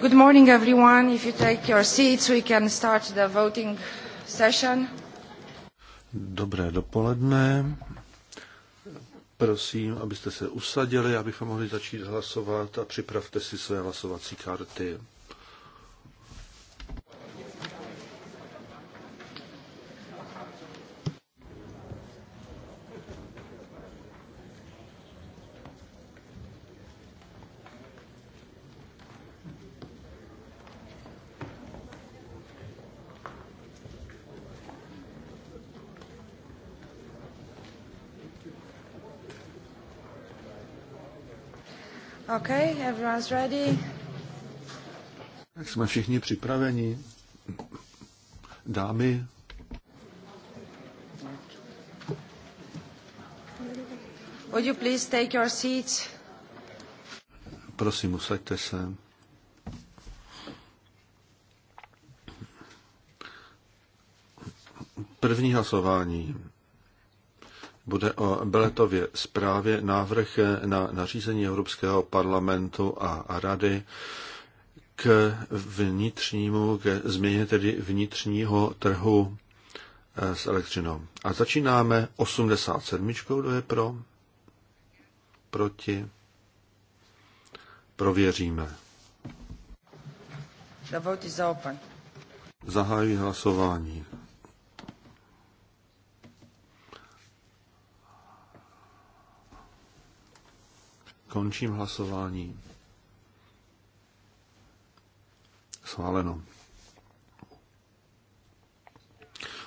Good morning, everyone. If you take your seats, we can start the voting session. Dobré dopoledne. Prosím, abyste se usadili, abychom mohli začít hlasovat a připravte si své hlasovací karty. Everyone's ready. Tak jsme všichni připraveni. Dámy. Would you please take your seats? Prosím, usaďte se. První hlasování bude o Beletově zprávě návrh na nařízení Evropského parlamentu a rady k vnitřnímu, ke změně tedy vnitřního trhu eh, s elektřinou. A začínáme 87. Kdo je pro? Proti? Prověříme. Zahájí hlasování. Končím hlasování. Schváleno.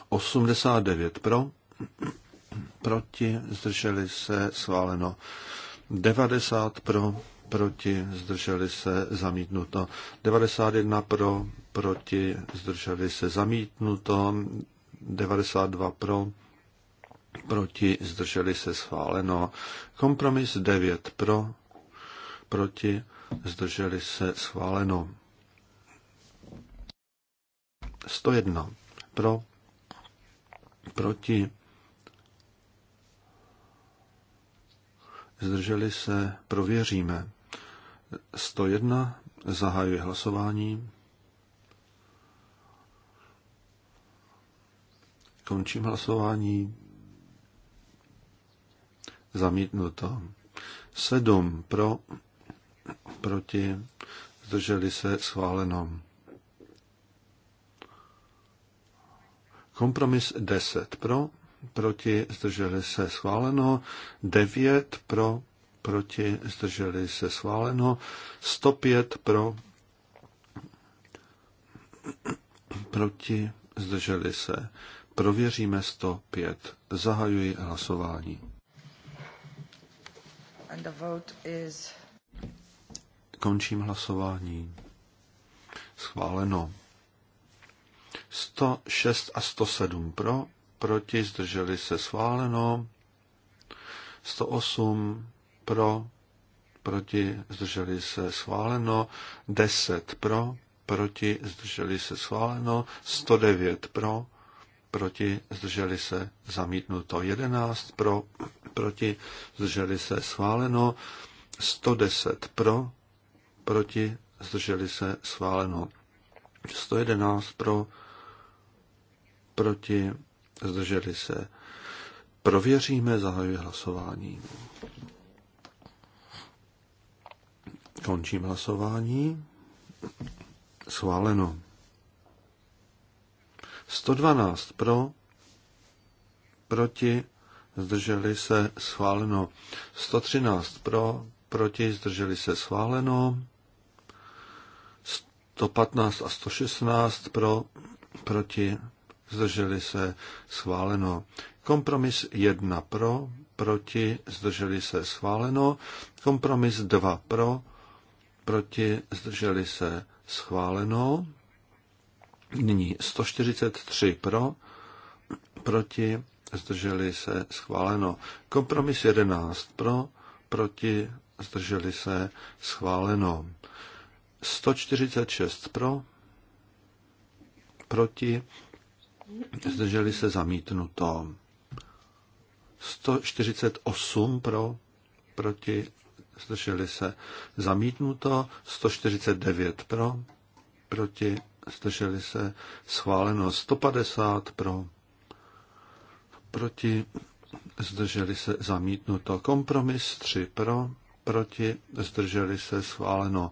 89 pro, proti, zdrželi se, schváleno. 90 pro, proti, zdrželi se, zamítnuto. 91 pro, proti, zdrželi se, zamítnuto. 92 pro, proti, zdrželi se schváleno. Kompromis 9 pro, proti, zdrželi se schváleno. 101 pro, proti, zdrželi se, prověříme. 101 zahajuje hlasování. Končím hlasování zamítnuto. Sedm pro, proti, zdrželi se schváleno. Kompromis 10 pro, proti, zdrželi se schváleno. 9 pro, proti, zdrželi se schváleno. 105 pro, proti, zdrželi se. Prověříme 105. Zahajuji hlasování. And the vote is... Končím hlasování. Schváleno. 106 a 107 pro, proti, zdrželi se schváleno. 108 pro, proti, zdrželi se schváleno. 10 pro, proti, zdrželi se schváleno. 109 pro, proti, zdrželi se, zamítnuto. 11 pro, proti, zdrželi se, schváleno. 110 pro, proti, zdrželi se, schváleno. 111 pro, proti, zdrželi se. Prověříme, zahajuji hlasování. Končím hlasování. Schváleno. 112 pro, proti, zdrželi se schváleno. 113 pro, proti, zdrželi se schváleno. 115 a 116 pro, proti, zdrželi se schváleno. Kompromis 1 pro, proti, zdrželi se schváleno. Kompromis 2 pro, proti, zdrželi se schváleno. Nyní 143 pro, proti, zdrželi se, schváleno. Kompromis 11 pro, proti, zdrželi se, schváleno. 146 pro, proti, zdrželi se, zamítnuto. 148 pro, proti, zdrželi se, zamítnuto. 149 pro, proti, zdrželi se, schváleno 150 pro, proti, zdrželi se, zamítnuto, kompromis 3 pro, proti, zdrželi se, schváleno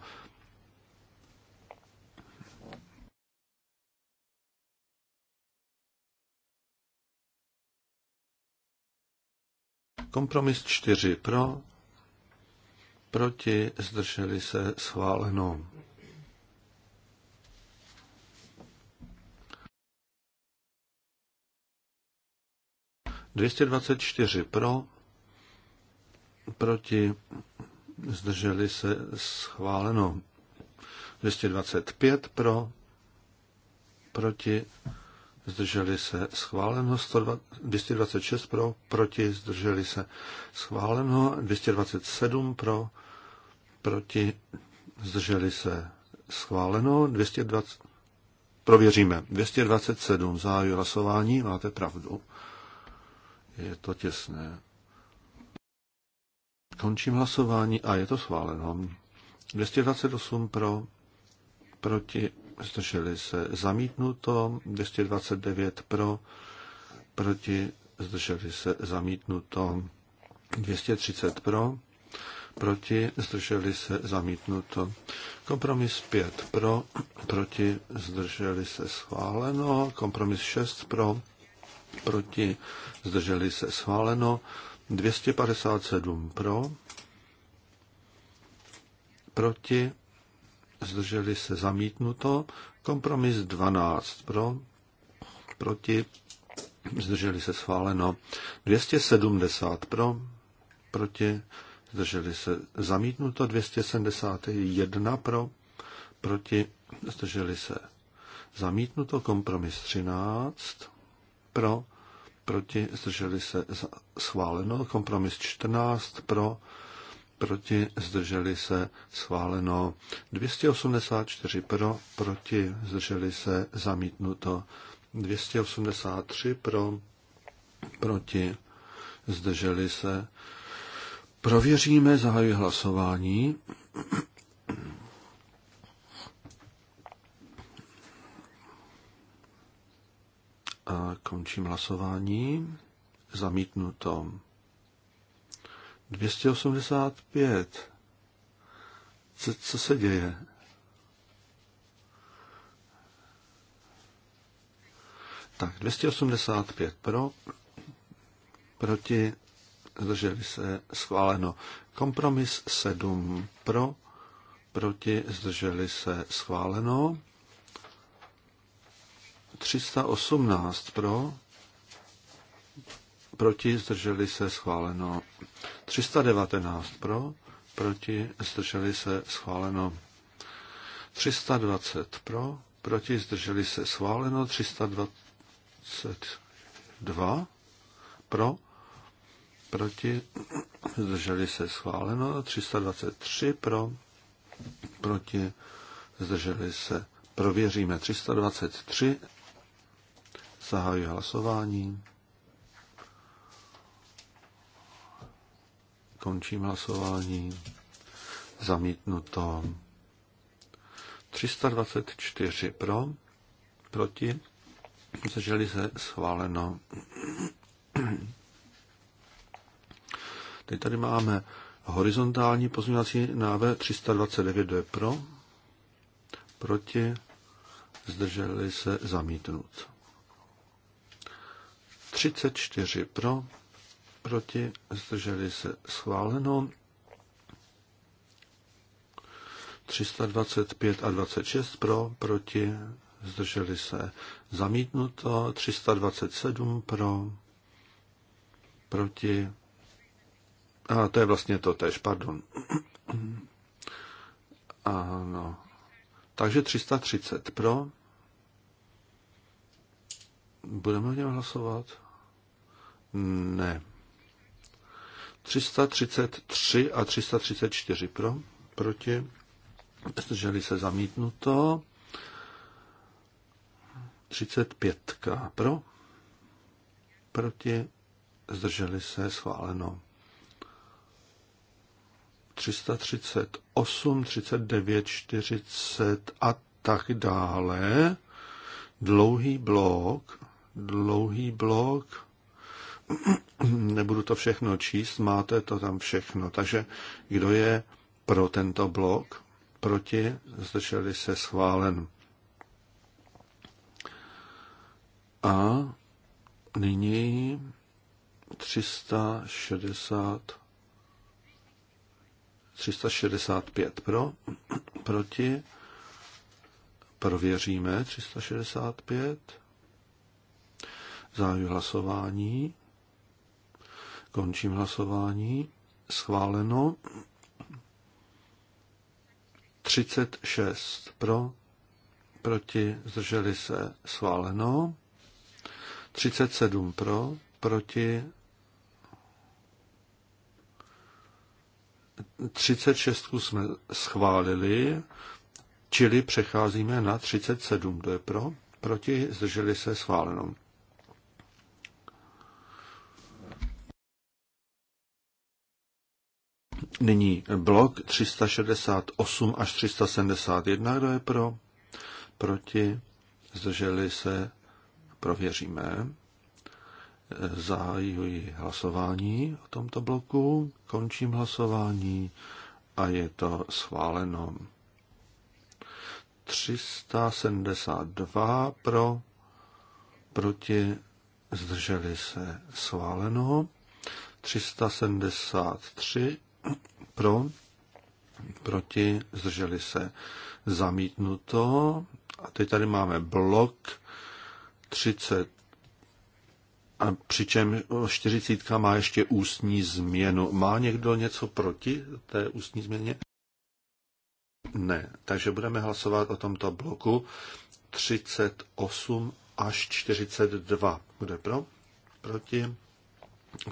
Kompromis 4 pro, proti, zdrželi se, schváleno. 224 pro, proti, zdrželi se schváleno. 225 pro, proti, zdrželi se schváleno. 226 pro, proti, zdrželi se schváleno. 227 pro, proti, zdrželi se schváleno. 220, prověříme. 227 zahájí hlasování, máte pravdu. Je to těsné. Končím hlasování a je to schváleno. 228 pro, proti, zdrželi se. Zamítnuto 229 pro, proti, zdrželi se. Zamítnuto 230 pro, proti, zdrželi se. Zamítnuto. Kompromis 5 pro, proti, zdrželi se. Schváleno. Kompromis 6 pro, proti, zdrželi se schváleno, 257 pro, proti, zdrželi se zamítnuto, kompromis 12 pro, proti, zdrželi se schváleno, 270 pro, proti, zdrželi se zamítnuto, 271 pro, proti, zdrželi se zamítnuto, kompromis 13 pro, proti, zdrželi se schváleno. Kompromis 14 pro, proti, zdrželi se schváleno. 284 pro, proti, zdrželi se zamítnuto. 283 pro, proti, zdrželi se. Prověříme, zahajuji hlasování. A končím hlasování. Zamítnuto. 285. Co, co se děje? Tak, 285 pro, proti, zdrželi se, schváleno. Kompromis 7 pro, proti, zdrželi se, schváleno. 318 pro, proti, zdrželi se, schváleno. 319 pro, proti, zdrželi se, schváleno. 320 pro, proti, zdrželi se, schváleno. 322 pro, proti, zdrželi se, schváleno. 323 pro, proti, zdrželi se, prověříme. 323 Zahajuji hlasování. Končím hlasování. Zamítnuto. 324 pro, proti, zdrželi se schváleno. Teď tady máme horizontální pozměňovací návrh 329, kdo je pro, proti, zdrželi se zamítnout. 34 pro, proti, zdrželi se schváleno. 325 a 26 pro, proti, zdrželi se zamítnuto. 327 pro, proti. A to je vlastně to tež, pardon. Ano. Takže 330 pro. Budeme o něm hlasovat? Ne. 333 a 334 pro, proti, zdrželi se zamítnuto. 35 pro, proti, zdrželi se schváleno. 338, 39, 40 a tak dále. Dlouhý blok, dlouhý blok Nebudu to všechno číst, máte to tam všechno. Takže kdo je pro tento blok? Proti? Zdrželi se schválen. A nyní 360, 365 pro, proti, prověříme 365, zájmu hlasování, Končím hlasování. Schváleno. 36 pro, proti, zdrželi se, schváleno. 37 pro, proti, 36 jsme schválili, čili přecházíme na 37. Kdo je pro? Proti, zdrželi se, schváleno. Nyní blok 368 až 371, kdo je pro, proti, zdrželi se, prověříme. Zahajuji hlasování o tomto bloku, končím hlasování a je to schváleno. 372 pro, proti, zdrželi se, schváleno. 373 pro, proti, zdrželi se zamítnuto. A teď tady máme blok 30, a přičem 40 má ještě ústní změnu. Má někdo něco proti té ústní změně? Ne. Takže budeme hlasovat o tomto bloku 38 až 42. Bude pro? Proti?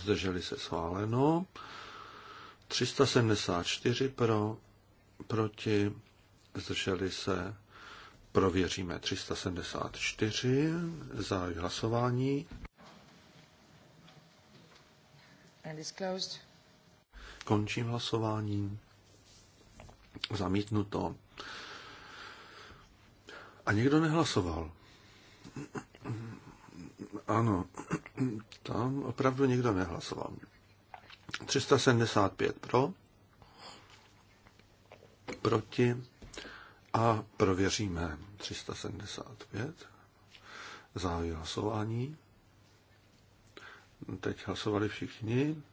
Zdrželi se schváleno. 374 pro, proti, zdrželi se, prověříme 374, zahájí hlasování. And it's closed. Končím hlasování. Zamítnuto. A někdo nehlasoval. Ano, tam opravdu někdo nehlasoval. 375 pro, proti a prověříme 375. závěr hlasování. Teď hlasovali všichni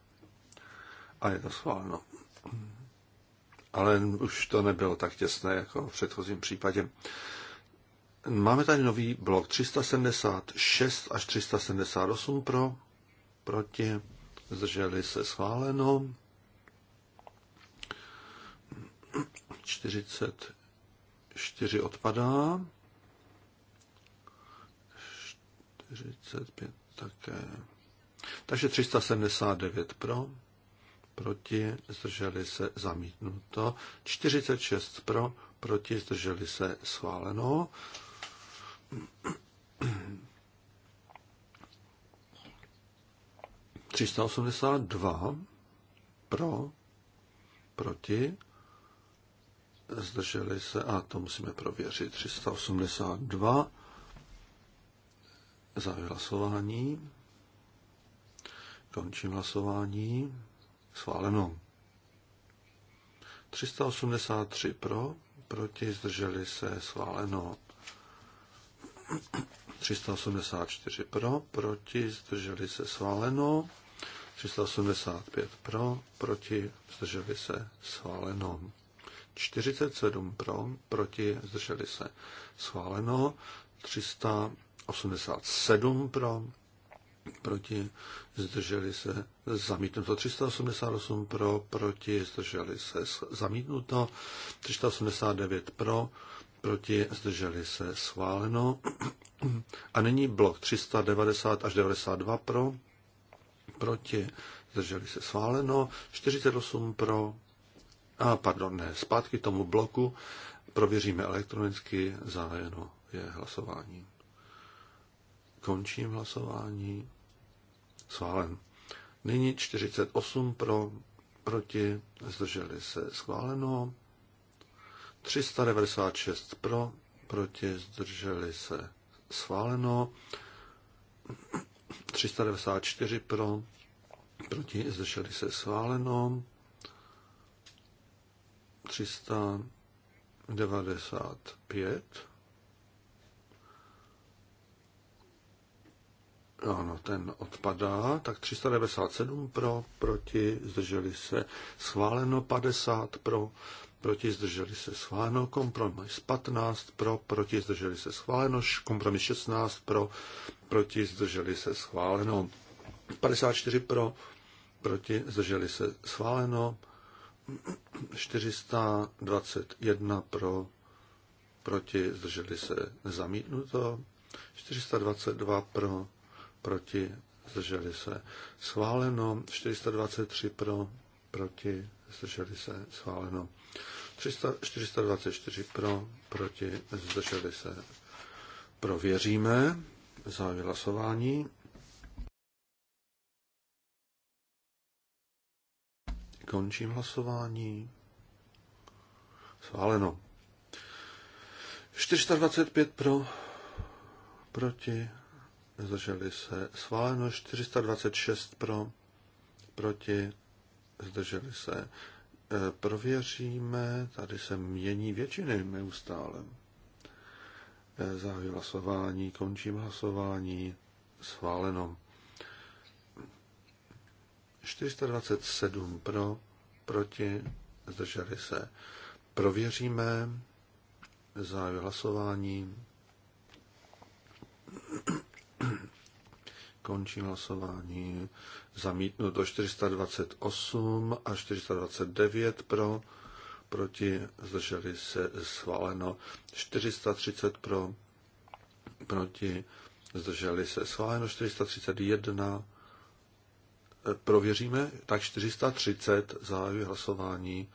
a je to schváleno. Ale už to nebylo tak těsné jako v předchozím případě. Máme tady nový blok 376 až 378 pro, proti zdrželi se schváleno. 44 odpadá. 45 také. Takže 379 pro, proti, zdrželi se zamítnuto. 46 pro, proti, zdrželi se schváleno. 382 pro, proti, zdrželi se, a to musíme prověřit, 382 za hlasování, končím hlasování, schváleno. 383 pro, proti, zdrželi se, schváleno. 384 pro, proti, zdrželi se, schváleno. 385 pro, proti, zdrželi se, schváleno. 47 pro, proti, zdrželi se, schváleno. 387 pro, proti, zdrželi se, zamítnuto. 388 pro, proti, zdrželi se, zamítnuto. 389 pro, proti, zdrželi se, schváleno. A nyní blok 390 až 92 pro, proti, zdrželi se sváleno 48 pro, a pardon, ne, zpátky tomu bloku, prověříme elektronicky, zahájeno je hlasování. Končím hlasování, schválen. Nyní 48 pro, proti, zdrželi se schváleno, 396 pro, proti, zdrželi se schváleno, 394 pro, proti, zdrželi se sváleno, 395. Ano, ten odpadá. Tak 397 pro, proti, zdrželi se sváleno, 50 pro, proti zdrželi se schváleno, kompromis 15 pro, proti zdrželi se schváleno, kompromis 16 pro, proti zdrželi se schváleno, 54 pro, proti zdrželi se schváleno, 421 pro, proti zdrželi se zamítnuto, 422 pro, proti zdrželi se schváleno, 423 pro, proti zdrželi se, schváleno. 424 pro, proti, zdrželi se. Prověříme, zahajuji hlasování. Končím hlasování. Schváleno. 425 pro, proti, zdrželi se. Schváleno 426 pro, proti, zdrželi se. E, prověříme, tady se mění většiny neustále. E, zahajuji hlasování, končím hlasování, schváleno. 427 pro, proti, zdrželi se. Prověříme, zahajuji hlasování, Končím hlasování. zamítnu to 428 a 429 pro, proti, zdrželi se schváleno 430 pro, proti, zdrželi se schváleno 431. E, prověříme, tak 430 zahájí hlasování.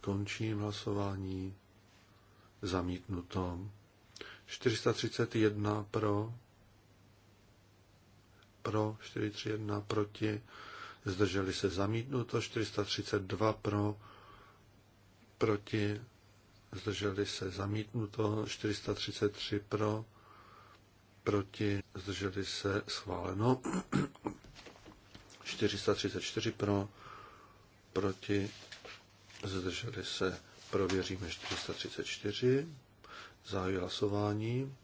Končím hlasování zamítnuto. 431 pro, pro, 431 proti, zdrželi se zamítnuto, 432 pro, proti, zdrželi se zamítnuto, 433 pro, proti, zdrželi se schváleno, 434 pro, proti, zdrželi se Prověříme 434. Zahajuji hlasování.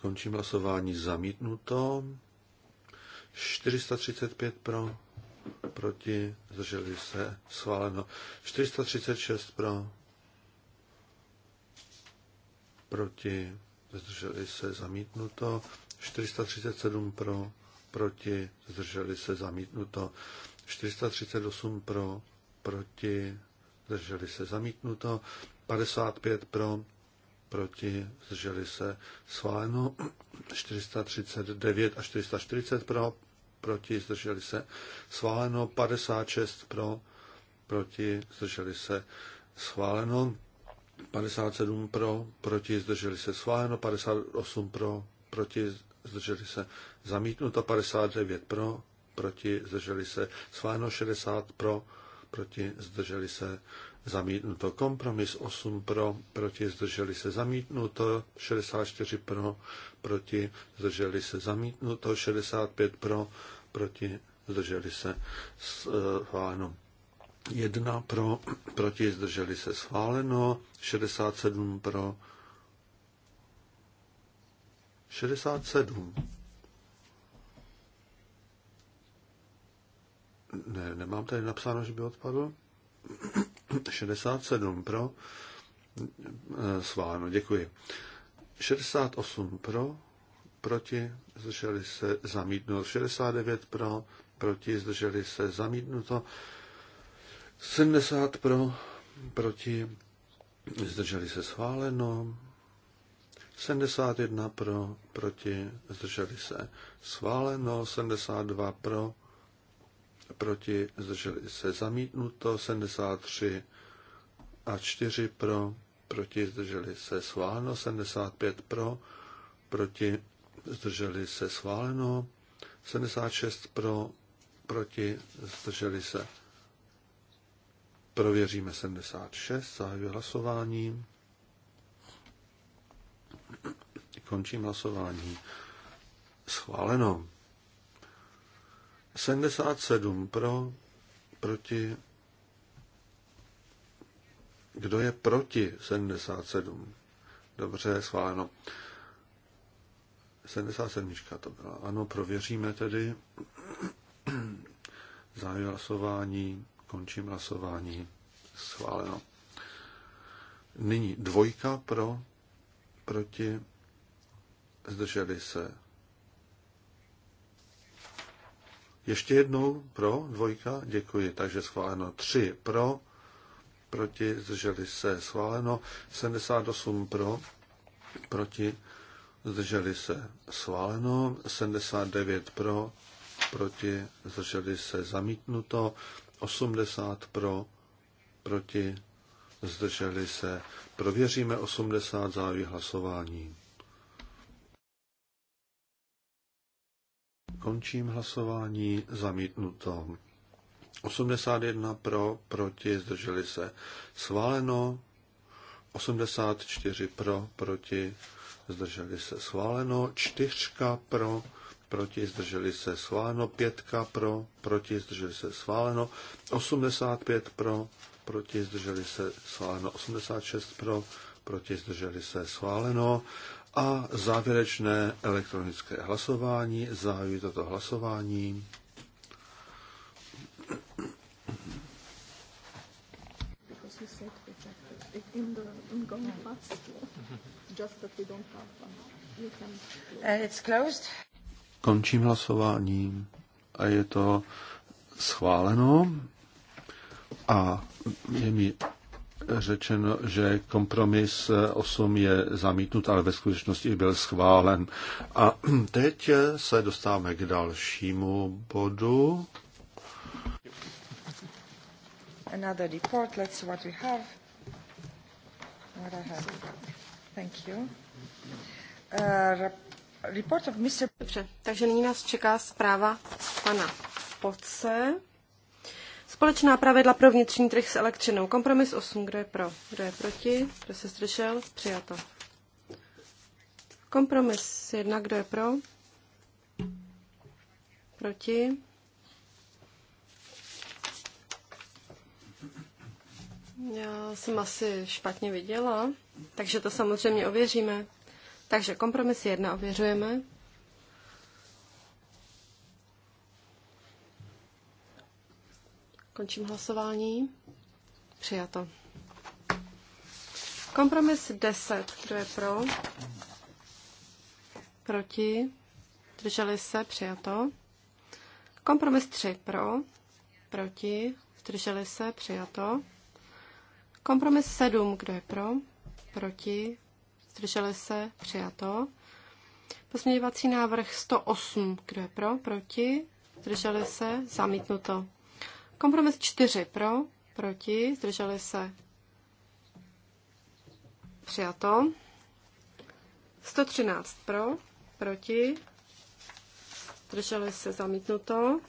Končím hlasování zamítnuto. 435 pro, proti, zdrželi se, schváleno. 436 pro, proti, zdrželi se, zamítnuto. 437 pro, proti, zdrželi se, zamítnuto. 438 pro, proti, zdrželi se zamítnuto, 55 pro, proti, zdrželi se schváleno, 439 a 440 pro, proti, zdrželi se schváleno, 56 pro, proti, zdrželi se schváleno, 57 pro, proti, zdrželi se schváleno, 58 pro, proti, zdrželi se zamítnuto, 59 pro, proti, zdrželi se. Schváleno 60 pro, proti, zdrželi se. Zamítnuto. Kompromis 8 pro, proti, zdrželi se. Zamítnuto. 64 pro, proti, zdrželi se. Zamítnuto. 65 pro, proti, zdrželi se. Schváleno. 1 pro, proti, zdrželi se. Schváleno. 67 pro, 67. Ne, nemám tady napsáno, že by odpadl. 67 pro. Eh, Sváno, děkuji. 68 pro, proti, zdrželi se zamítnuto. 69 pro, proti, zdrželi se zamítnuto. 70 pro, proti, zdrželi se schváleno. 71 pro, proti, zdrželi se schváleno. 72 pro, proti, zdrželi se zamítnuto, 73 a 4 pro, proti, zdrželi se schváleno, 75 pro, proti, zdrželi se schváleno, 76 pro, proti, zdrželi se. Prověříme 76, zahajuji hlasování. Končím hlasování. Schváleno. 77 pro, proti, kdo je proti 77? Dobře, schváleno. 77 to byla. Ano, prověříme tedy. Zahajuji hlasování, končím hlasování. Schváleno. Nyní dvojka pro, proti, zdrželi se Ještě jednou pro, dvojka, děkuji. Takže schváleno tři pro, proti, zdrželi se. Schváleno 78 pro, proti, zdrželi se. Schváleno 79 pro, proti, zdrželi se. Zamítnuto 80 pro, proti, zdrželi se. Prověříme 80 závěr hlasování. Končím hlasování zamítnuto. 81 pro, proti, zdrželi se. Schváleno. 84 pro, proti, zdrželi se. Schváleno. 4 pro, proti, zdrželi se. Schváleno. 5 pro, proti, zdrželi se. Schváleno. 85 pro, proti, zdrželi se. Schváleno. 86 pro, proti, zdrželi se. Schváleno. A závěrečné elektronické hlasování. Zahajuji toto hlasování. Končím hlasování. a je to schváleno a je mi řečeno, že kompromis 8 je zamítnut, ale ve skutečnosti byl schválen. A teď se dostáváme k dalšímu bodu. Another report. Let's see what we have. What I have. Thank you. Uh, report of Mr. Dobře, takže nyní nás čeká zpráva pana Poce. Společná pravidla pro vnitřní trh s elektřinou. Kompromis 8. Kdo je pro? Kdo je proti? Kdo se zdržel? Přijato. Kompromis 1. Kdo je pro? Proti? Já jsem asi špatně viděla, takže to samozřejmě ověříme. Takže kompromis 1 ověřujeme. Končím hlasování. Přijato. Kompromis 10. Kdo je pro? Proti? Zdrželi se? Přijato. Kompromis 3. Pro? Proti? Zdrželi se? Přijato. Kompromis 7. Kdo je pro? Proti? Zdrželi se? Přijato. Pozměňovací návrh 108. Kdo je pro? Proti? Zdrželi se? Zamítnuto. Kompromis 4 pro, proti, zdrželi se. Přijato. 113 pro, proti, zdrželi se zamítnuto.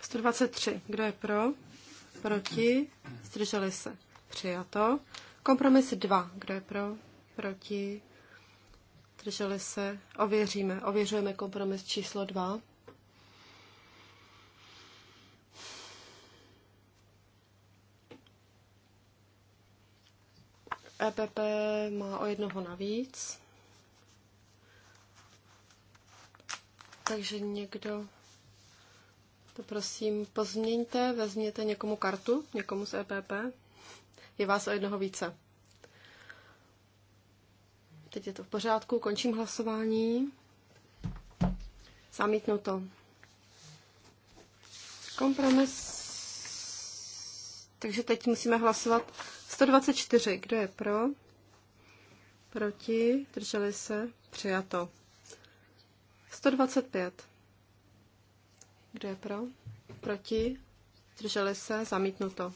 123, kdo je pro, proti, zdrželi se. Přijato. Kompromis 2, kdo je pro, proti, drželi se. Ověříme, ověřujeme kompromis číslo 2. EPP má o jednoho navíc. Takže někdo to prosím pozměňte, vezměte někomu kartu, někomu z EPP. Je vás o jednoho více. Teď je to v pořádku, končím hlasování. zamítnu to, Kompromis. Takže teď musíme hlasovat 124. Kdo je pro? Proti? Drželi se? Přijato. 125. Kdo je pro? Proti? Drželi se? Zamítnuto.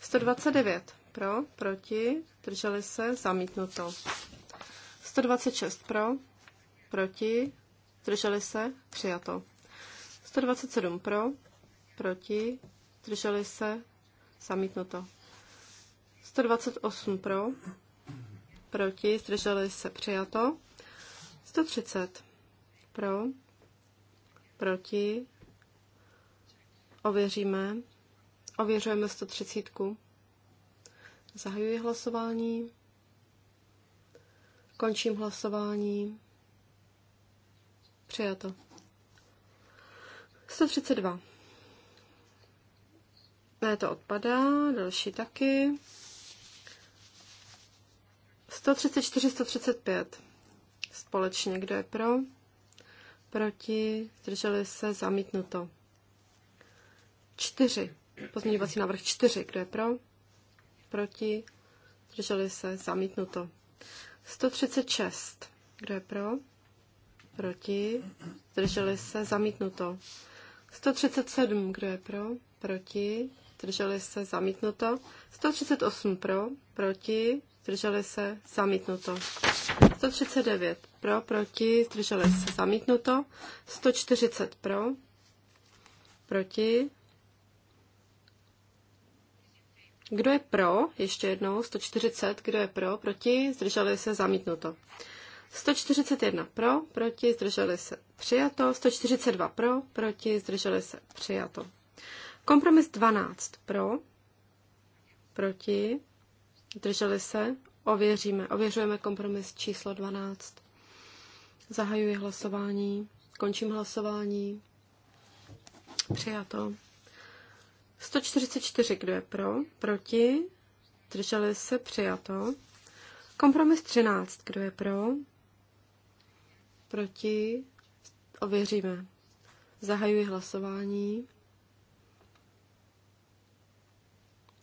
129. Pro? Proti? Drželi se? Zamítnuto. 126. Pro? Proti? Drželi se? Přijato. 127. Pro? Proti? Drželi se? Zamítnuto. 128 pro, proti, zdrželi se přijato. 130 pro, proti, ověříme, ověřujeme 130. Zahajuji hlasování, končím hlasování, přijato. 132. Ne, to odpadá, další taky. 134, 135 společně. Kdo je pro? Proti? Zdrželi se? Zamítnuto. 4. Pozměňovací návrh 4. Kdo je pro? Proti? Zdrželi se? Zamítnuto. 136. Kdo je pro? Proti? Zdrželi se? Zamítnuto. 137. Kdo je pro? Proti? Zdrželi se? Zamítnuto. 138 pro? Proti? zdrželi se, zamítnuto. 139 pro, proti, zdrželi se, zamítnuto. 140 pro, proti. Kdo je pro? Ještě jednou. 140. Kdo je pro? Proti. Zdrželi se. Zamítnuto. 141 pro, proti, zdrželi se přijato, 142 pro, proti, zdrželi se přijato. Kompromis 12 pro, proti, Drželi se? Ověříme. Ověřujeme kompromis číslo 12. Zahajuji hlasování. Končím hlasování. Přijato. 144, kdo je pro? Proti? Drželi se? Přijato. Kompromis 13, kdo je pro? Proti? Ověříme. Zahajuji hlasování.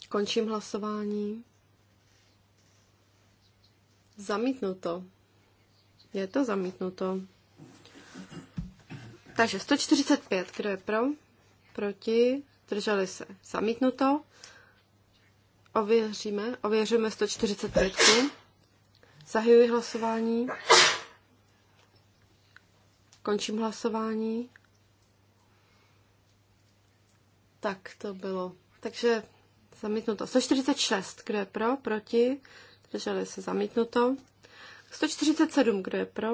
Končím hlasování. Zamítnuto. Je to zamítnuto. Takže 145, kdo je pro? Proti? Drželi se. Zamítnuto. Ověříme. Ověříme 145. Zahajuji hlasování. Končím hlasování. Tak to bylo. Takže zamítnuto. 146, kdo je pro? Proti? zdrželi se zamítnuto. 147, kdo je pro,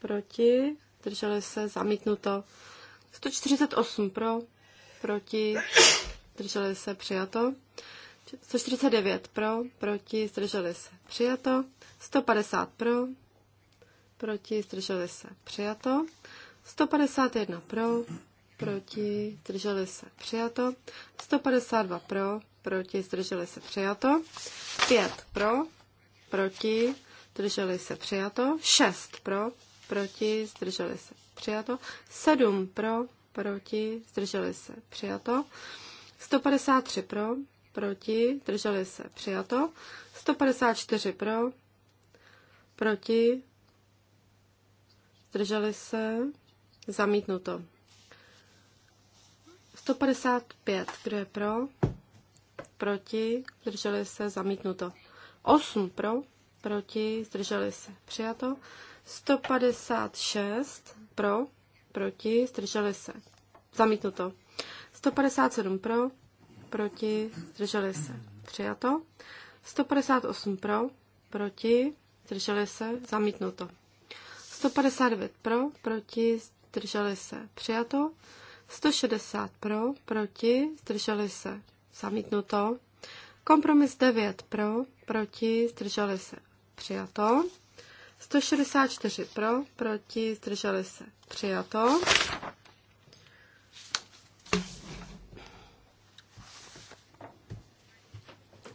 proti, zdrželi se zamítnuto. 148 pro, proti, zdrželi se přijato. 149 pro, proti, zdrželi se přijato. 150 pro, proti, zdrželi se přijato. 151 pro, proti, zdrželi se přijato. 152 pro, proti, zdrželi se přijato. 5 pro, proti, zdrželi se přijato, 6 pro, proti, zdrželi se přijato, 7 pro, proti, zdrželi se přijato, 153 pro, proti, zdrželi se přijato, 154 pro, proti, zdrželi se, zamítnuto. 155, kdo je pro, proti, zdrželi se, zamítnuto. 8 pro, proti, zdrželi se, přijato. 156 pro, proti, zdrželi se, zamítnuto. 157 pro, proti, zdrželi se, přijato. 158 pro, proti, zdrželi se, zamítnuto. 159 pro, proti, zdrželi se, přijato. 160 pro, proti, zdrželi se, zamítnuto. Kompromis 9 pro, proti, zdrželi se, přijato. 164 pro, proti, zdrželi se, přijato.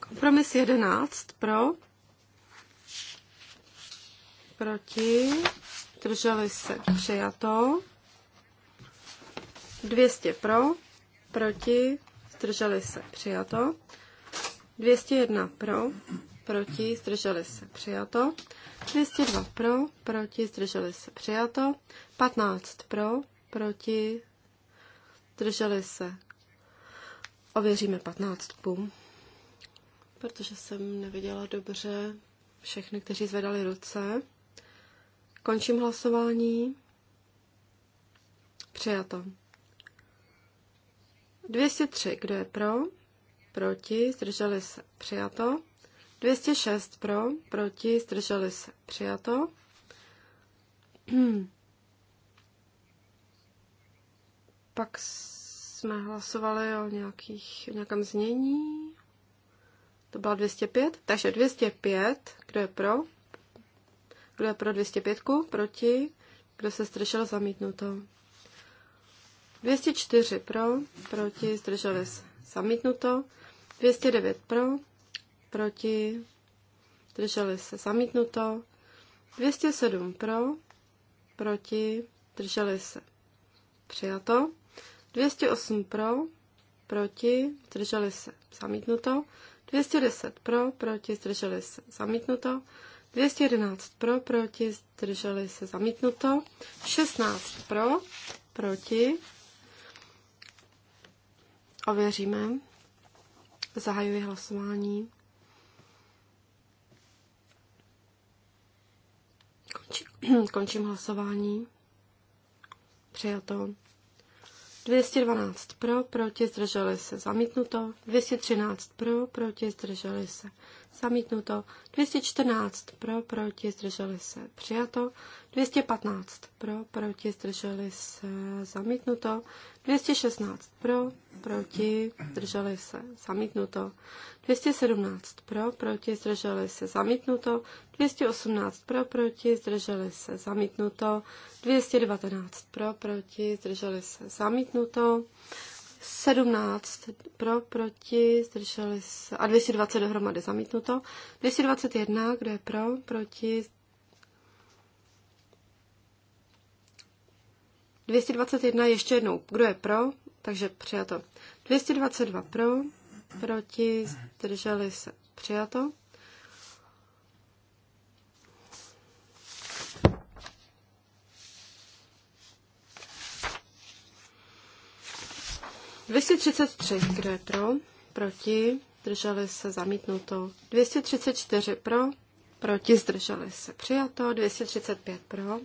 Kompromis 11 pro, proti, zdrželi se, přijato. 200 pro, proti, zdrželi se, přijato. 201 pro, proti, zdrželi se, přijato. 202 pro, proti, zdrželi se, přijato. 15 pro, proti, zdrželi se. Ověříme 15. Protože jsem neviděla dobře všechny, kteří zvedali ruce. Končím hlasování. Přijato. 203, kdo je pro? proti, zdrželi se, přijato. 206 pro, proti, zdrželi se, přijato. Pak jsme hlasovali o nějakých, o nějakém znění. To byla 205. Takže 205, kdo je pro? Kdo je pro 205? Proti? Kdo se zdržel zamítnuto? 204 pro, proti, zdrželi se zamítnuto. 209 pro, proti, drželi se zamítnuto. 207 pro, proti, drželi se přijato. 208 pro, proti, drželi se, zamítnuto. 210 pro, proti, zdrželi se, zamítnuto. 211 pro, proti, zdrželi se, zamítnuto. 16 pro, proti, Ověříme. Zahajuji hlasování. Končím, končím hlasování. Přijato. 212 pro, proti, zdrželi se, zamítnuto. 213 pro, proti, zdrželi se, zamítnuto. 214 pro, proti, zdrželi se, přijato. 215 pro, proti, zdrželi se, zamítnuto. 216 pro, proti, zdrželi se, zamítnuto. 217 pro, proti, zdrželi se, zamítnuto. 218 pro, proti, zdrželi se, zamítnuto. 219 pro, proti, zdrželi se, zamítnuto. 17 pro, proti, zdrželi se, a 220 dohromady zamítnuto. 221, kdo je pro, proti, 221 ještě jednou. Kdo je pro? Takže přijato. 222 pro, proti, zdrželi se. Přijato. Dvěstě třicet tři, kdo je pro, proti, drželi se, zamítnuto. 234 pro, proti, zdrželi se, přijato. 235 pro,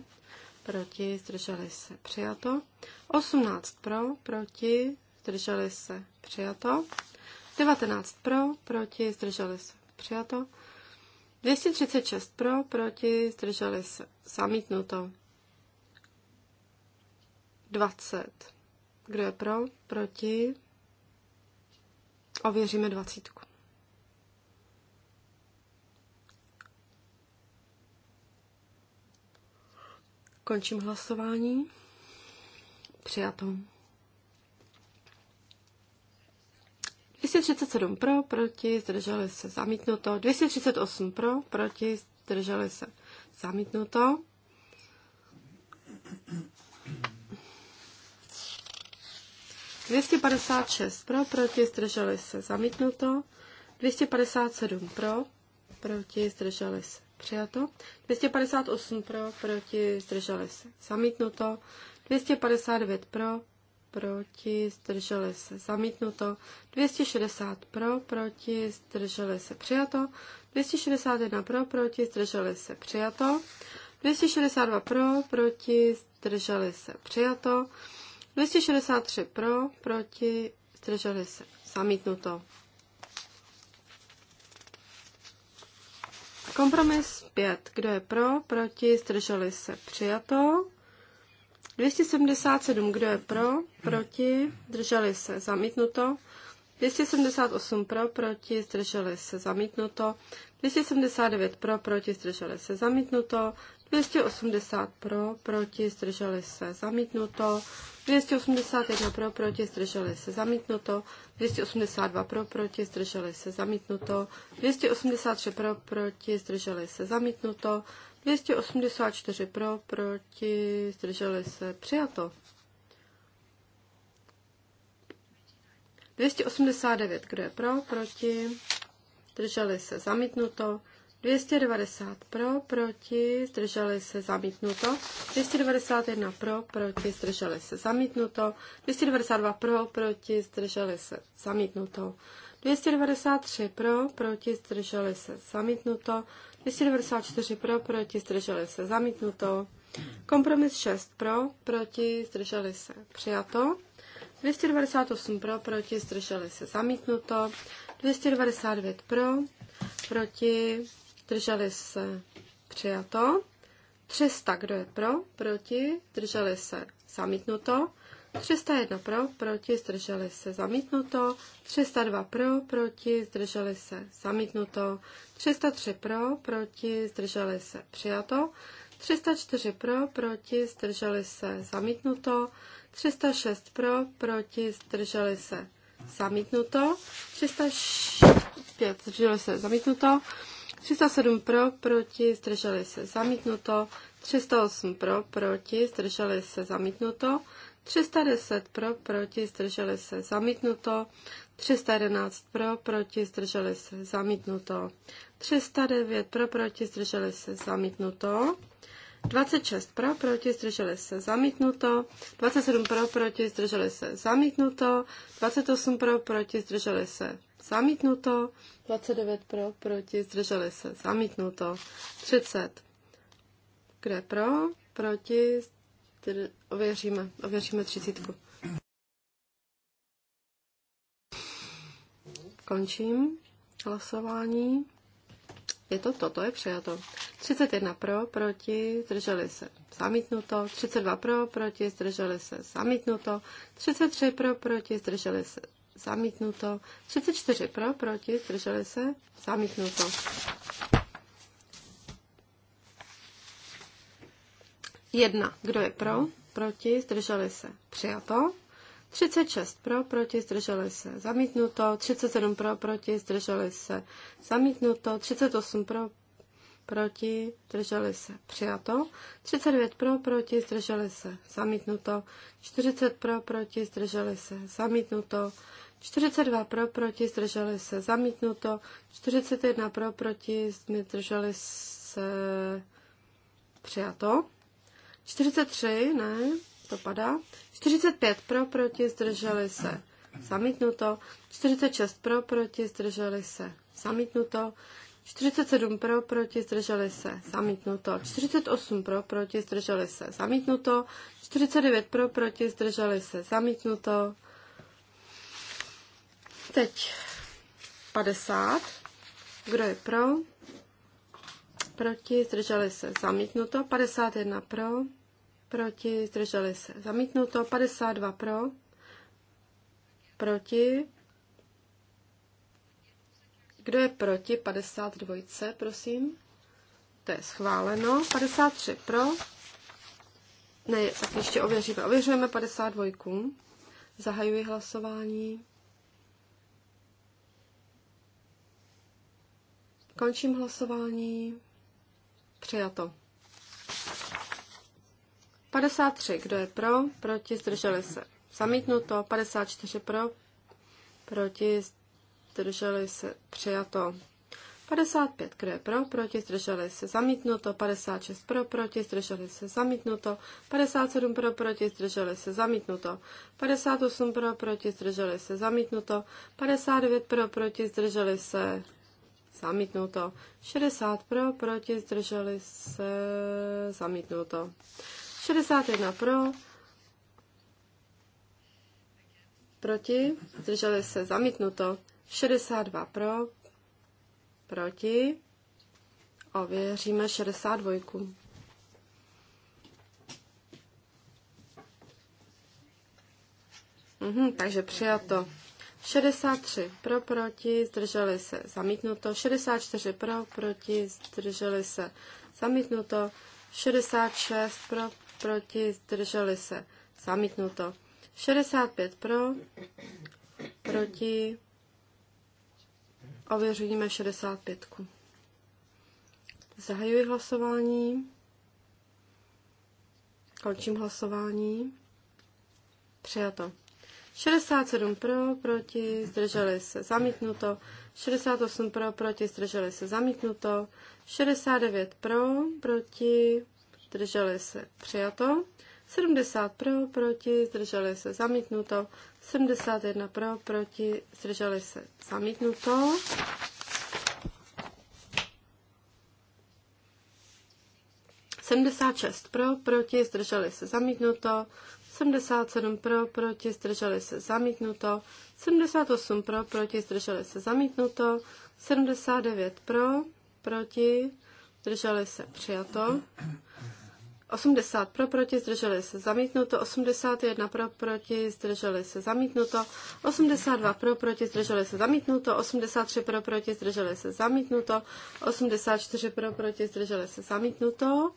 proti, zdrželi se, přijato. 18 pro, proti, zdrželi se, přijato. 19 pro, proti, zdrželi se, přijato. 236 pro, proti, zdrželi se, zamítnuto. 20. Kdo je pro, proti? Ověříme dvacítku. Končím hlasování. Přijato. 237 pro, proti, zdrželi se, zamítnuto. 238 pro, proti, zdrželi se, zamítnuto. Dvěstě padesát šest pro, proti, zdrželi se, zamítnuto. Dvěstě padesát sedm pro, proti, zdrželi se, Přijato. 258 pro, proti, zdrželi se. Zamítnuto. 259 pro, proti, zdrželi se. Zamítnuto. 260 pro, proti, zdrželi se. Přijato. 261 pro, proti, zdrželi se. Přijato. 262 pro, proti, zdrželi se. Přijato. 263 pro, proti, zdrželi se. Zamítnuto. Kompromis 5. Kdo je pro? Proti? Zdrželi se? Přijato. 277. Kdo je pro? Proti? Zdrželi se? Zamítnuto. 278 pro, proti, zdrželi se zamítnuto. 279 pro, proti, zdrželi se zamítnuto. 280 pro, proti, zdrželi se, zamítnuto. 281 pro, proti, zdrželi se, zamítnuto. 282 pro, proti, zdrželi se, zamítnuto. 283 pro, proti, zdrželi se, zamítnuto. 284 pro, proti, zdrželi se, přijato. 289, kdo je pro, proti, zdrželi se, zamítnuto. 290 pro, proti, zdrželi se zamítnuto. 291 pro, proti, zdrželi se zamítnuto. 292 pro, proti, zdrželi se zamítnuto. 293 pro, proti, zdrželi se zamítnuto. 294 pro, proti, zdrželi se zamítnuto. Kompromis 6 pro, proti, zdrželi se přijato. 298 pro, proti, zdrželi se zamítnuto. 299 pro, proti, Drželi se. Přijato. 300, kdo je pro, proti, zdrželi se, zamítnuto. 301 pro, proti, zdrželi se, zamítnuto. 302 pro, proti, zdrželi se, zamítnuto. 303 pro, proti, zdrželi se, přijato. 304 pro, proti, zdrželi se, zamítnuto. 306 pro, proti, zdrželi se, zamítnuto. 305 zdrželi se, zamítnuto. 307 pro, proti, zdrželi se zamítnuto. 308 pro, proti, zdrželi se zamítnuto. 310 pro, proti, zdrželi se zamítnuto. 311 pro, proti, zdrželi se zamítnuto. 309 pro, proti, zdrželi se zamítnuto. 26 pro, proti, zdrželi se zamítnuto. 27 pro, proti, zdrželi se zamítnuto. 28 pro, proti, zdrželi se zamítnuto, 29 pro, proti, zdrželi se, zamítnuto, 30. Kde pro, proti, zdr- ověříme, ověříme 30. Končím hlasování. Je to toto, je přijato. 31 pro, proti, zdrželi se, zamítnuto. 32 pro, proti, zdrželi se, zamítnuto. 33 pro, proti, zdrželi se, zamítnuto. 34 pro, proti, zdrželi se, zamítnuto. Jedna, kdo je pro, proti, zdrželi se, přijato. 36 pro, proti, zdrželi se, zamítnuto. 37 pro, proti, zdrželi se, zamítnuto. 38 pro, proti, zdrželi se, přijato. 39 pro, proti, zdrželi se, zamítnuto. 40 pro, proti, zdrželi se, zamítnuto. 42 pro, proti, zdrželi se, zamítnuto. 41 pro, proti, zdrželi se, přijato. 43, ne, to padá. 45 pro, proti, zdrželi se, zamítnuto. 46 pro, proti, zdrželi se, zamítnuto. 47 pro, proti, zdrželi se, zamítnuto. 48 pro, proti, zdrželi se, zamítnuto. 49 pro, proti, zdrželi se, zamítnuto. Teď 50. Kdo je pro? Proti, zdrželi se, zamítnuto. 51 pro, proti, zdrželi se, zamítnuto. 52 pro, proti, kdo je proti 52, prosím? To je schváleno. 53 pro. Ne, tak ještě ověříme. Ověřujeme 52. Zahajuji hlasování. Končím hlasování. Přijato. 53, kdo je pro, proti, zdrželi se. Zamítnuto, 54 pro, proti, zdrželi se, přijato. 55, kdo je pro, proti, zdrželi se, zamítnuto. 56 pro, proti, zdrželi se, zamítnuto. 57 pro, proti, zdrželi se, zamítnuto. 58 pro, proti, zdrželi se, zamítnuto. 59 pro, proti, zdrželi se, zamítnuto. 60 pro, proti, zdrželi se, zamítnuto. 61 pro, proti, zdrželi se, zamítnuto. 62 pro, proti, ověříme 62. Mhm, takže přijato. 63 pro, proti, zdrželi se, zamítnuto. 64 pro, proti, zdrželi se, zamítnuto. 66 pro, proti, zdrželi se, zamítnuto. 65 pro, proti, Ověříme 65. Zahajuji hlasování. Končím hlasování. Přijato. 67 pro, proti, zdrželi se, zamítnuto. 68 pro, proti, zdrželi se, zamítnuto. 69 pro, proti, zdrželi se, přijato. 70 pro, proti, zdrželi se, zamítnuto. 71 pro, proti, zdrželi se, zamítnuto. Sedmdesát šest pro, proti, zdrželi se, zamítnuto. Sedmdesát sedm pro, proti, zdrželi se, zamítnuto. Sedmdesát osm pro, proti, zdrželi se, zamítnuto. Sedmdesát devět pro, proti, zdrželi se, přijato. 80 pro, proti, zdrželi se zamítnuto, 81 pro, proti, zdrželi se zamítnuto, 82 pro, proti, zdrželi se zamítnuto, 83 pro, proti, zdrželi se zamítnuto, 84 pro, proti, zdrželi se zamítnuto,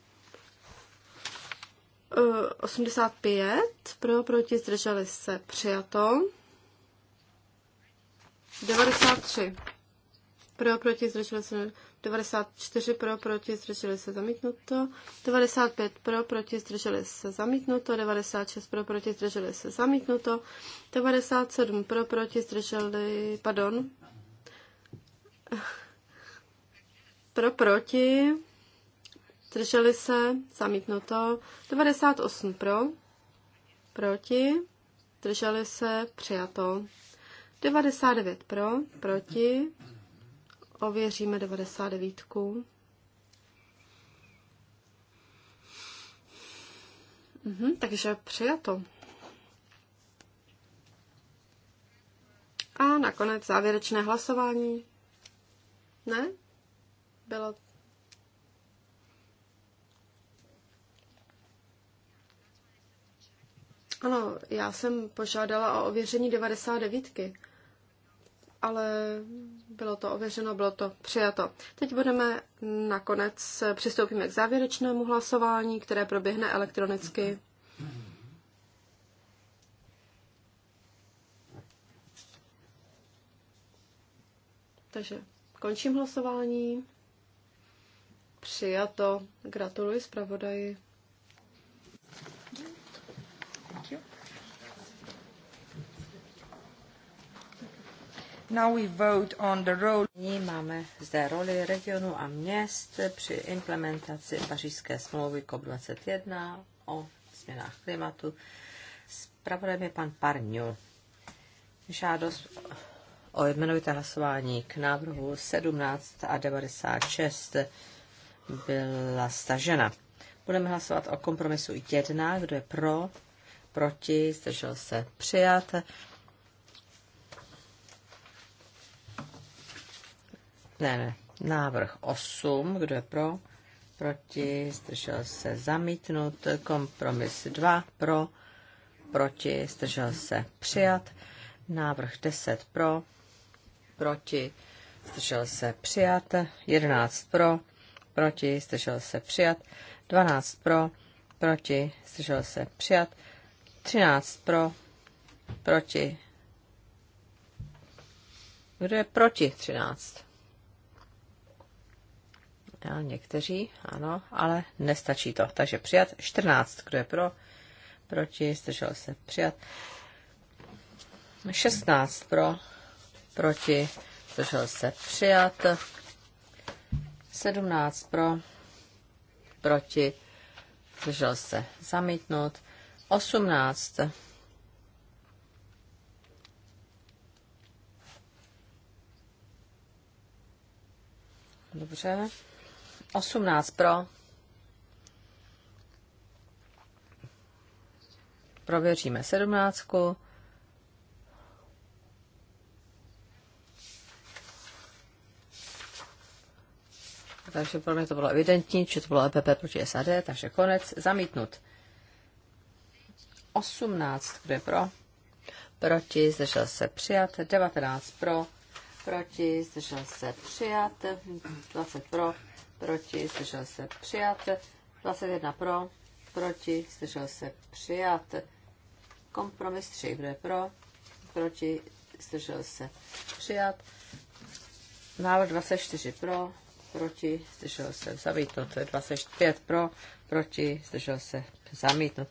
85 eh, pro, proti, zdrželi se přijato, 93 pro, proti, zdrželi se 94 pro, proti, zdrželi se zamítnuto. 95 pro, proti, zdrželi se zamítnuto. 96 pro, proti, zdrželi se zamítnuto. 97 pro, proti, zdrželi, pardon. Pro, proti, zdrželi se zamítnuto. 98 pro, proti, zdrželi se přijato. 99 pro, proti, Ověříme 99. Mhm, takže přijato. A nakonec závěrečné hlasování. Ne? Bylo Ano, já jsem požádala o ověření 99 ale bylo to ověřeno, bylo to přijato. Teď budeme nakonec, přistoupíme k závěrečnému hlasování, které proběhne elektronicky. Takže končím hlasování. Přijato. Gratuluji zpravodaji. Nyní máme zde roli regionu a měst při implementaci pařížské smlouvy COP21 o změnách klimatu. Spravodajem je pan Parňu. Žádost o jmenovité hlasování k návrhu 17 a 96 byla stažena. Budeme hlasovat o kompromisu 1, kdo je pro, proti, zdržel se přijat. ne, ne, návrh 8, kdo je pro, proti, zdržel se zamítnut, kompromis 2 pro, proti, zdržel se přijat, návrh 10 pro, proti, zdržel se přijat, 11 pro, proti, zdržel se přijat, 12 pro, proti, zdržel se přijat, 13 pro, proti. Kdo je proti 13? A někteří, ano, ale nestačí to. Takže přijat 14, kdo je pro, proti, zdržel se přijat. 16 pro, proti, zdržel se přijat. 17 pro, proti, zdržel se zamítnout. 18 Dobře. 18 pro. Prověříme 17. Takže pro mě to bylo evidentní, že to bylo EPP proti SAD, takže konec, zamítnut. 18, kde pro? Proti, zdržel se přijat. 19 pro, proti, zdržel se přijat. 20 pro, proti, zdržel se přijat. 21 pro, proti, zdržel se přijat. Kompromis 3, kdo je pro, proti, zdržel se přijat. Návrh 24 pro, proti, zdržel se zamítnout, 25 pro, proti, zdržel se zamítnout,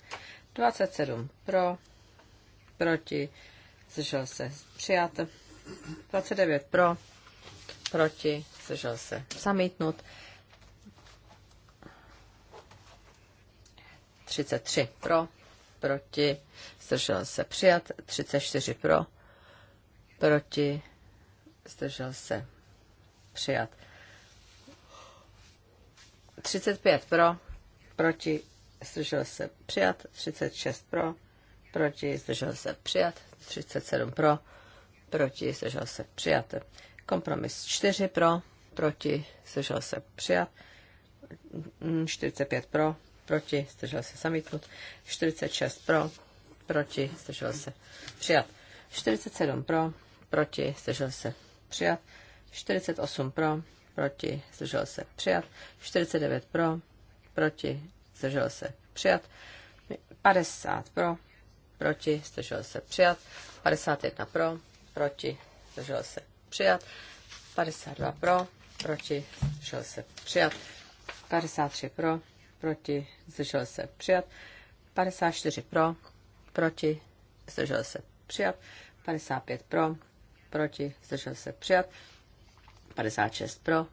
27 pro, proti, zdržel se přijat. 29 pro, proti, zdržel se zamítnout. 33 pro, proti, zdržel se přijat, 34 pro, proti, zdržel se přijat. 35 pro, proti, zdržel se přijat, 36 pro, proti, zdržel se přijat, 37 pro, proti, zdržel se přijat. Kompromis 4 pro, proti, zdržel se přijat, 45 pro, proti, zdržel se zamítnut, 46 pro, proti, zdržel se přijat, 47 pro, proti, zdržel se přijat, 48 pro, proti, zdržel se přijat, 49 pro, proti, zdržel se přijat, 50 pro, proti, zdržel se přijat, 51 pro, proti, zdržel se přijat, 52 pro, proti, zdržel se přijat, 53 pro, proti, zdržel se přijat. 54 pro, proti, zdržel se přijat. 55 pro, proti, zdržel se přijat. 56 pro,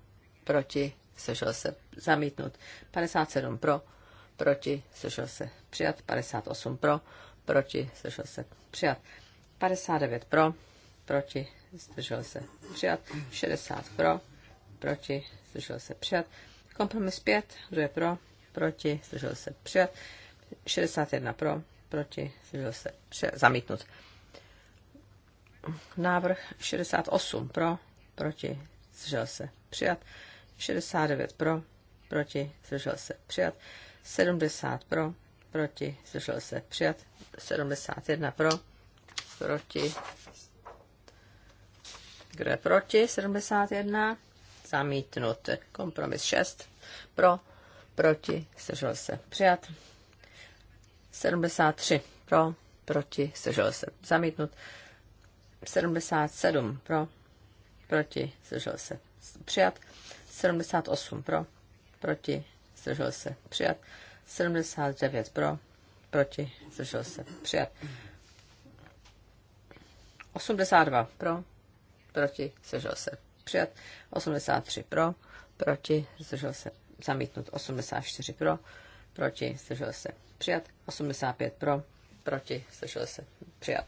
proti, zdržel se zamítnut. 57 pro, proti, zdržel se přijat. 58 pro, proti, zdržel se přijat. 59 pro, proti, zdržel se přijat. 60 pro, proti, zdržel se přijat. Kompromis 5, kdo je pro, proti, zdržel se přijat. 61 pro, proti, zdržel se pře, zamítnut. Návrh 68 pro, proti, zdržel se přijat. 69 pro, proti, zdržel se přijat. 70 pro, proti, zdržel se přijat. 71 pro, proti. Kdo je proti? 71. Zamítnut. Kompromis 6. Pro, proti, sežel se, přijat. 73 pro, proti, sežel se, zamítnut. 77 pro, proti, sežel se, přijat. 78 pro, proti, zdržel se, přijat. 79 pro, proti, zdržel se, přijat. 82 pro, proti, zdržel se, přijat. 83 pro, proti, zdržel se, zamítnut 84 pro, proti, zdržel se přijat, 85 pro, proti, zdržel se přijat,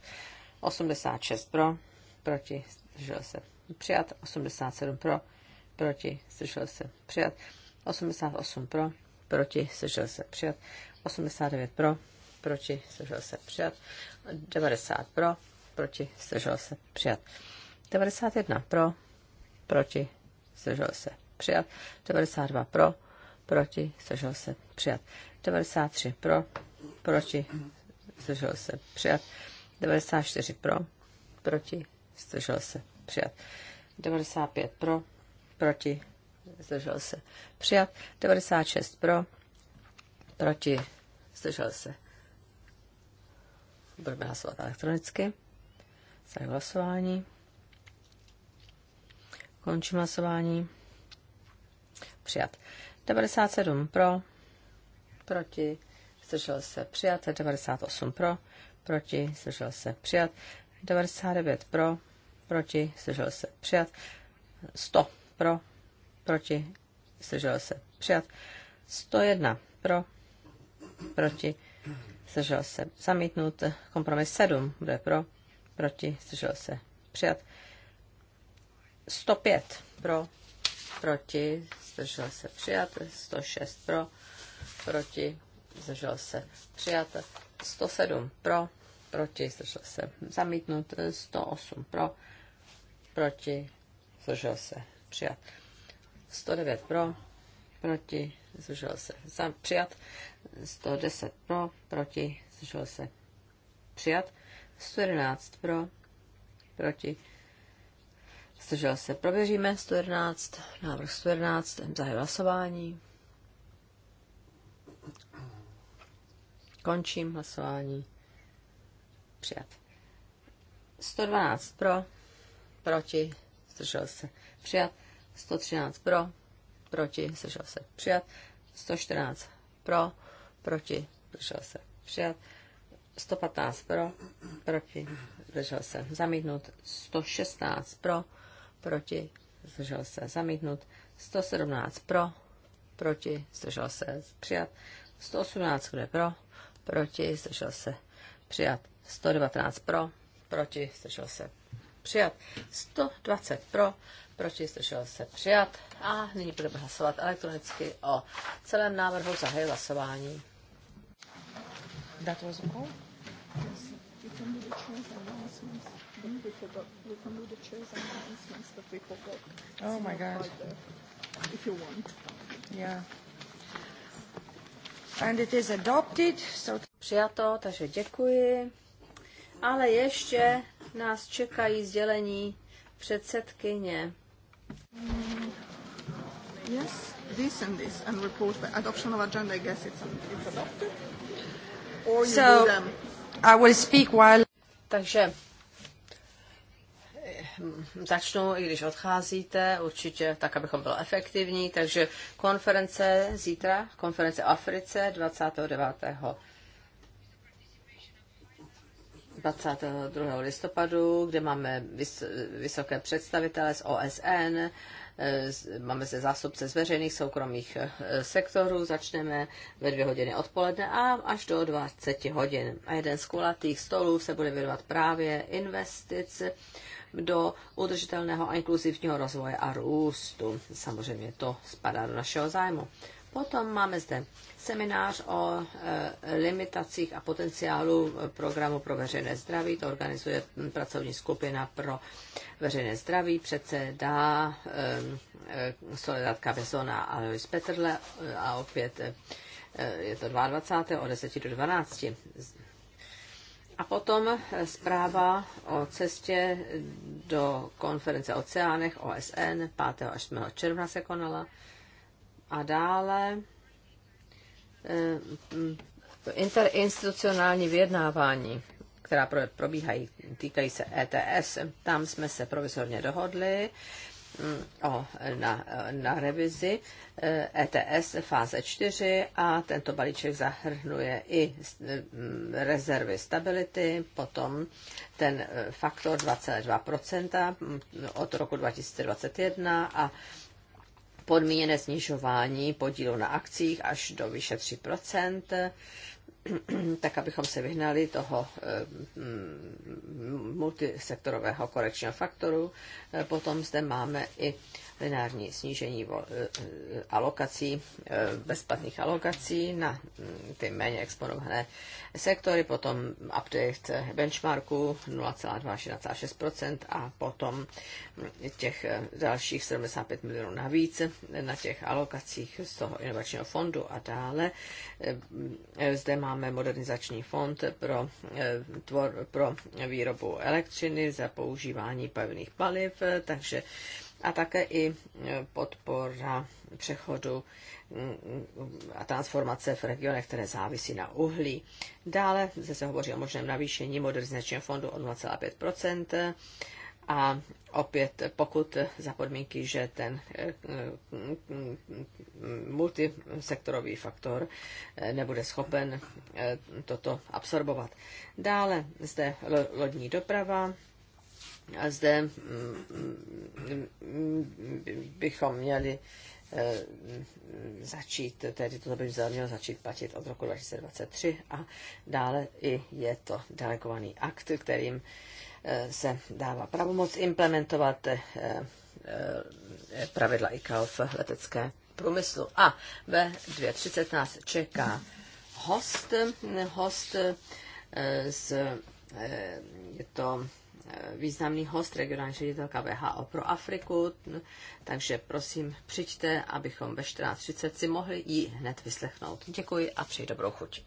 86 pro, proti, zdržel se přijat, 87 pro, proti, zdržel se přijat, 88 pro, proti, zdržel se přijat, 89 pro, proti, zdržel se přijat, 90 pro, proti, zdržel se přijat, 91 pro, proti, zdržel se přijat. 92 pro, proti, zdržel se, přijat. 93 pro, proti, zdržel se, přijat. 94 pro, proti, zdržel se, přijat. 95 pro, proti, zdržel se, přijat. 96 pro, proti, zdržel se. Budeme hlasovat elektronicky. Zahajuji hlasování. Končím hlasování přijat. 97 pro, proti, zdržel se přijat. 98 pro, proti, zdržel se přijat. 99 pro, proti, zdržel se přijat. 100 pro, proti, zdržel se přijat. 101 pro, proti, zdržel se zamítnut. Kompromis 7 bude pro, proti, zdržel se přijat. 105 pro, proti, zdržel se přijat, 106 pro, proti, zdržel se přijat, 107 pro, proti, zdržel se zamítnut, 108 pro, proti, zdržel se přijat, 109 pro, proti, zdržel se zam, přijat, 110 pro, proti, zdržel se přijat, 111 pro, proti, Zdržel se. Prověříme 111. Návrh 111. Zahaj hlasování. Končím hlasování. Přijat. 112 pro, proti, zdržel se. Přijat. 113 pro, proti, zdržel se. Přijat. 114 pro, proti, zdržel se. Přijat. 115 pro, proti, zdržel se. Zamítnut. 116 pro, proti, zdržel se zamítnut, 117 pro, proti, zdržel se přijat, 118 bude pro, proti, zdržel se přijat, 119 pro, proti, zdržel se přijat, 120 pro, proti, zdržel se přijat a nyní budeme hlasovat elektronicky o celém návrhu zahají hlasování. That was all. Yes. Oh my God. if you want. Yeah. And it is adopted, so... Přijato, takže děkuji. Ale ještě nás čekají sdělení předsedkyně. Yes, this and this, and report the adoption of agenda. I guess it's, it's adopted. Or you so, do them. I will speak while. Takže začnu, i když odcházíte, určitě tak, abychom byli efektivní. Takže konference zítra, konference Africe 29. 22. listopadu, kde máme vysoké představitele z OSN, eh, máme se zástupce z veřejných soukromých eh, sektorů, začneme ve dvě hodiny odpoledne a až do 20 hodin. A jeden z kulatých stolů se bude věnovat právě investic do udržitelného a inkluzivního rozvoje a růstu. Samozřejmě to spadá do našeho zájmu. Potom máme zde seminář o e, limitacích a potenciálu programu pro veřejné zdraví. To organizuje pracovní skupina pro veřejné zdraví. Předsedá e, e, Soledad Vezona a Alois Petrle a opět je to 22. od 10 do 12 a potom zpráva o cestě do konference oceánech OSN 5. až 7. června se konala. A dále eh, interinstitucionální vyjednávání, která probíhají, týkají se ETS. Tam jsme se provizorně dohodli o, na, na revizi ETS e fáze 4 a tento balíček zahrnuje i e, rezervy stability, potom ten e, faktor 2,2% od roku 2021 a podmíněné snižování podílu na akcích až do výše 3 tak abychom se vyhnali toho eh, multisektorového korekčního faktoru. Eh, potom zde máme i plenární snížení eh, eh, alokací, eh, bezplatných alokací na mm, ty méně exponované sektory, potom update benchmarku 02 a potom mm, těch dalších 75 milionů navíc na těch alokacích z toho inovačního fondu a dále. Mm, zde máme modernizační fond pro, tvor, pro výrobu elektřiny za používání pevných paliv, takže a také i e, podpora přechodu mm, a transformace v regionech, které závisí na uhlí. Dále se, se hovoří o možném navýšení modernizačního fondu o 0,5 a opět, pokud za podmínky, že ten e, e, multisektorový faktor nebude schopen toto absorbovat. Dále zde lodní doprava, a zde mm, mm, mm, bychom měli eh, začít, tedy toto by mělo začít platit od roku 2023 a dále i je to delegovaný akt, kterým eh, se dává pravomoc implementovat eh, pravidla ICAO v letecké průmyslu. A ve 2.30 nás čeká host, host z, je to významný host, regionální ředitelka VHO pro Afriku, takže prosím přijďte, abychom ve 14.30 si mohli ji hned vyslechnout. Děkuji a přeji dobrou chuť.